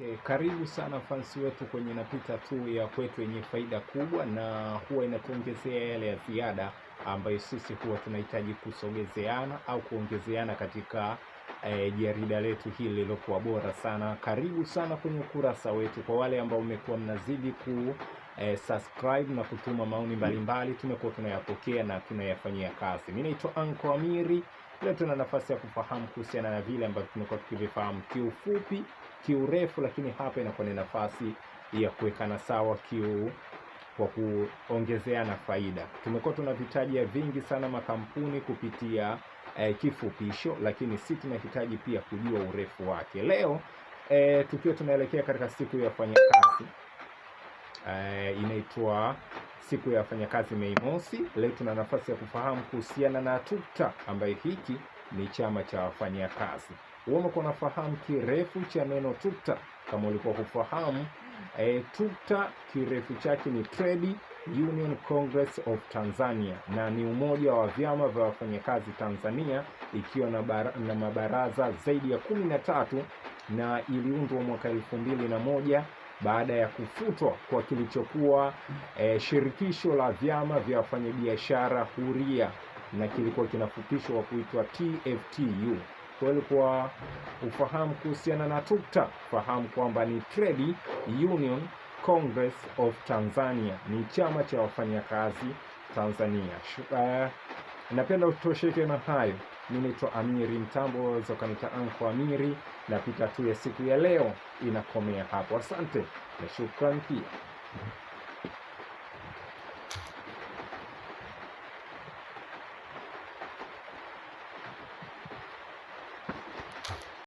Okay, eh, karibu sana fansi wetu kwenye napita tu ya kwetu yenye faida kubwa, na huwa inatuongezea yale ya ziada ambayo sisi huwa tunahitaji kusogezeana au kuongezeana katika e, jarida letu hili lililokuwa bora sana. Karibu sana kwenye ukurasa wetu, kwa wale ambao mmekuwa mnazidi ku eh, subscribe na kutuma maoni mbalimbali, tumekuwa tunayapokea na tunayafanyia kazi. Mimi naitwa Anko Amiri. Leo tuna nafasi ya kufahamu kuhusiana na vile ambavyo tumekuwa tukivifahamu kiufupi, kiurefu, lakini hapa inakuwa ni nafasi ya kuwekana sawa kiu kwa kuongezeana faida. Tumekuwa tunavitaja vingi sana makampuni kupitia eh, kifupisho, lakini si tunahitaji pia kujua urefu wake. Leo eh, tukiwa tunaelekea katika siku ya wafanyakazi uh, inaitwa siku ya wafanyakazi Mei Mosi. Leo tuna nafasi ya kufahamu kuhusiana na tukta ambaye hiki ni chama cha wafanyakazi. Umekuwa unafahamu kirefu cha neno tukta Kama ulikuwa kufahamu e, eh, TUKTA kirefu chake ni Trade Union Congress of Tanzania na ni umoja wa vyama vya wafanyakazi Tanzania ikiwa na, bara, na mabaraza zaidi ya kumi na tatu na iliundwa mwaka elfu mbili na moja baada ya kufutwa kwa kilichokuwa e, shirikisho la vyama vya wafanyabiashara huria na kilikuwa kinafupishwa kwa kuitwa TFTU. Kweli kwa ufahamu kuhusiana na TUCTA, fahamu kwamba ni Trade Union Congress of Tanzania, ni chama cha wafanyakazi Tanzania. Uh, napenda utosheke na hayo. Mimi naitwa Amiri Mtambo, waweza ukanita Anko Amiri, na pita tu ya siku ya leo inakomea hapo. Asante na shukrani pia.